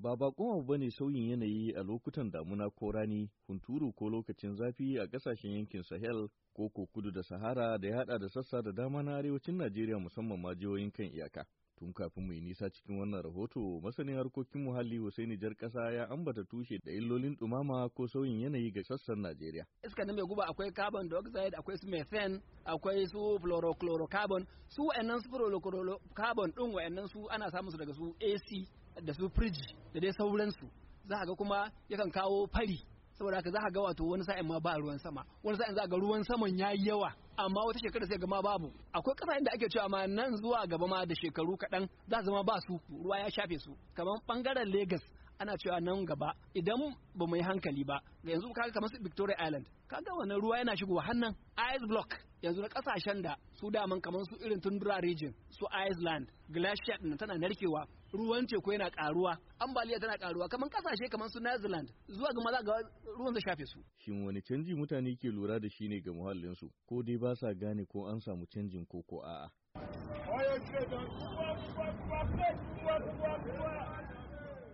Ba bakon abu ne sauyin yanayi a lokutan damuna ko rani, hunturu ko lokacin zafi a kasashen yankin Sahel ko ko kudu da Sahara da ya hada da sassa da dama na arewacin Najeriya musamman ma jihohin kan iyaka. Tun kafin mu yi nisa cikin wannan rahoto, masanin harkokin muhalli Hussaini Jar Kasa ya ambata tushe da illolin dumama ko sauyin yanayi ga sassan Najeriya. Iska na mai guba akwai carbon dioxide, akwai su methane, akwai su fluorochlorocarbon, su wa'annan su fluorochlorocarbon din wa'annan su ana samun su daga su AC da su firji da dai sauransu za a ga kuma yakan kawo fari saboda haka za a ga wato wani sa'in ma ba ruwan sama wani sa'in za a ga ruwan saman ya yi yawa amma wata shekara sai ga ma babu akwai kasashen da ake cewa ma nan zuwa gaba ma da shekaru kaɗan za zama ba su ruwa ya shafe su kamar bangaren Legas ana cewa nan gaba idan ba mu yi hankali ba ga yanzu kaga kamar su Victoria Island kaga wannan ruwa yana shigowa hannan ice block yanzu na kasashen da su daman kamar su irin tundura region su Iceland glacier din tana narkewa ruwan teku yana karuwa ambaliya tana karuwa kamar kasashe kamar su Netherlands zuwa ga maza ga ruwan zai shafe su shin wani canji mutane ke lura da shi ne ga muhallin su ko dai ba sa gane ko an samu canjin ko ko a'a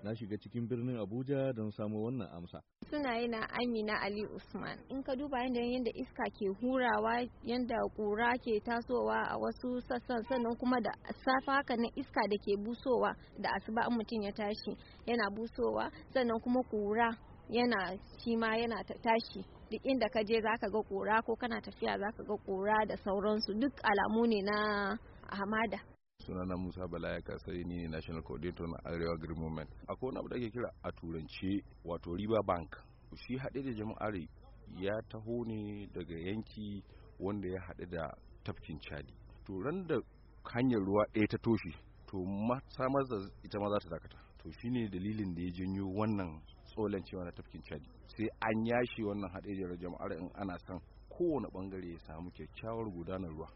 na shiga cikin birnin Abuja don samo wannan amsa sunaye na amina ali usman in ka duba yadda yanda iska ke hurawa yadda kura ke tasowa a wasu sassan sannan kuma da safa haka na iska da ke busowa da asuba in mutum ya tashi yana busowa sannan kuma kura yana shi ma yana tashi duk inda ka je zaka ga kura ko kana tafiya zaka ga kura da sauransu duk alamu ne na hamada sunana musa bala ya kasai ni ne national coordinator na arewa green movement akwai wani abu da ake kira a turanci wato river bank shi haɗe da jama'ar ya taho ne daga yanki wanda ya haɗe da tafkin chadi to ran da hanyar ruwa ɗaya ta toshe to samar da ita ma za ta dakata to shi ne dalilin da ya janyo wannan cewa na tafkin chadi sai an yashe wannan haɗe da jama'ar in ana son kowane ɓangare ya samu kyakkyawar gudanar ruwa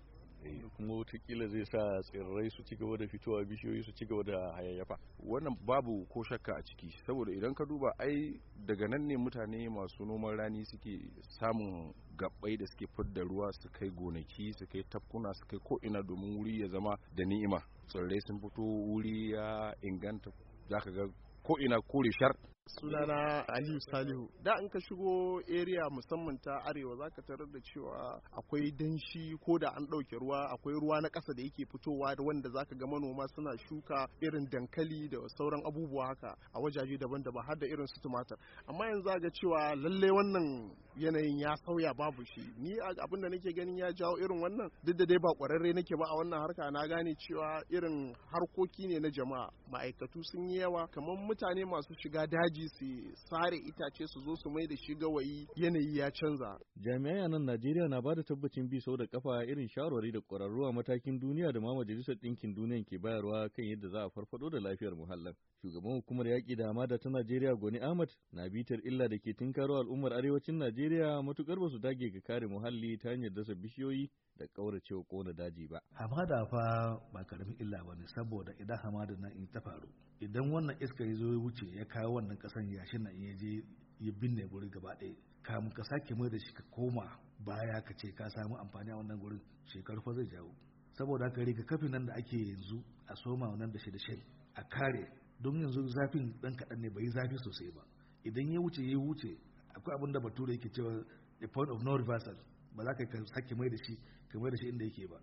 Eh, kuma watakila zai sa tsirrai su ci gaba da fitowa bishiyoyi su ci gaba da hayayyafa wannan babu ko shakka a ciki saboda idan ka duba ai daga nan ne mutane masu noman rani suke samun gabbai da suke fidda ruwa su kai gonaki su kai tafkuna su kai ko'ina domin wuri ya zama da ni'ima tsirrai sun fito wuri ya inganta zaka ga ko'ina kore shar sunana aliyu salihu da in ka shigo area musamman ta arewa za ka tarar da cewa akwai danshi ko da an ɗauke ruwa akwai ruwa na ƙasa da yake fitowa da wanda ka ga manoma suna shuka irin dankali da sauran abubuwa haka a wajaje daban-daban har da irin su tumatir amma yanzu ga cewa lallai wannan yanayin ya sauya babu shi ni abin da nake ganin ya jawo irin wannan duk da dai ba ƙwararre nake ba a wannan harka na gane cewa irin harkoki ne na jama'a ma'aikatu sun yi yawa kamar mutane masu shiga daji sojoji su sare itace su zo su mai da shi gawayi yanayi ya canza. Jami'ai nan Najeriya na bada tabbacin bi sau da kafa irin shawarwari da ƙwararru a matakin duniya da ma majalisar ɗinkin duniya ke bayarwa kan yadda za a farfado da lafiyar muhallin. Shugaban hukumar yaƙi da hamada ta Najeriya Goni Ahmad na bitar illa da ke tinkaro al'ummar arewacin Najeriya matukar ba su dage ga kare muhalli ta hanyar dasa bishiyoyi da ƙauracewa kona daji ba. Hamada fa ba karamin illa ba ne saboda idan hamada na in ta faru idan wannan iska ya zo ya wuce ya kawo wannan kasan yashin nan ya je ya binne guri gaba ɗaya kamun ka sake mai da shi ka koma baya ka ce ka samu amfani a wannan gurin shekaru fa zai jawo saboda haka riga kafi nan da ake yanzu a soma nan da shi da shi a kare don yanzu zafin dan kaɗan ne bai yi zafi sosai ba idan ya wuce ya wuce akwai abin da bature yake cewa the point of no reversal ba za ka sake mai da shi ka mai da shi inda yake ba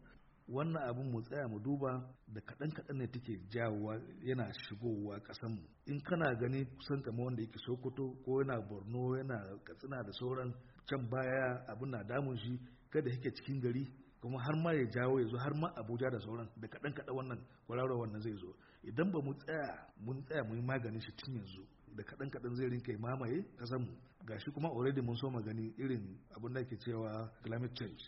wannan abin mu tsaya mu duba da kaɗan kaɗan ne take jawowa yana shigowa mu in kana gani kusan kama wanda yake sokoto ko yana borno yana katsina da sauran can baya abin na damun shi kada yake cikin gari kuma har ma ya jawo ya zo har ma abuja da sauran da kaɗan kaɗan wannan kwararwa wannan zai zo idan ba mu tsaya mun tsaya mu yi maganin shi tun yanzu da kaɗan kaɗan zai rinka mamaye mu gashi kuma already mun so magani irin abin da ke cewa climate change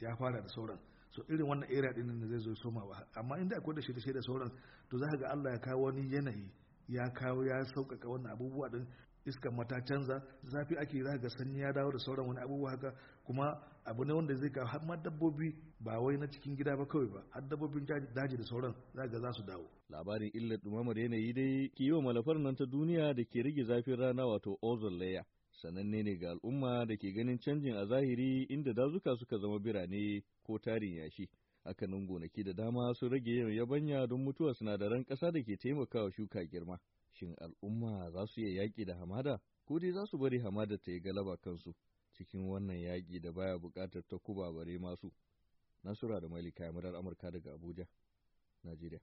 ya fara da sauran so irin wannan area din da zai zo soma ba amma inda akwai da shi da sauran to za ga Allah ya kawo wani yanayi ya kawo ya sauƙaƙa wannan abubuwa din iskan mata canza zafi ake za ga sanyi ya dawo da sauran wani abubuwa haka kuma abu ne wanda zai kawo har ma dabbobi ba wai na cikin gida ba kawai ba har dabbobin daji da sauran za ga za su dawo labarin illar dumamar yanayi dai wa malafar nan ta duniya da ke rage zafin rana wato ozone layer sananne ne ga al'umma da ke ganin canjin a zahiri inda dazuka suka zama birane ko tarin yashi. Hakanan gonaki da dama sun rage yin yabanya don mutuwar sinadaran ƙasa da ke taimakawa shuka girma. Shin al'umma za su iya yaƙi da hamada? Ko dai za su bari hamada ta yi galaba kansu cikin wannan yaƙi da baya buƙatar takuba bare masu? Nasura da Malika Yamurar Amurka daga Abuja, Najeriya.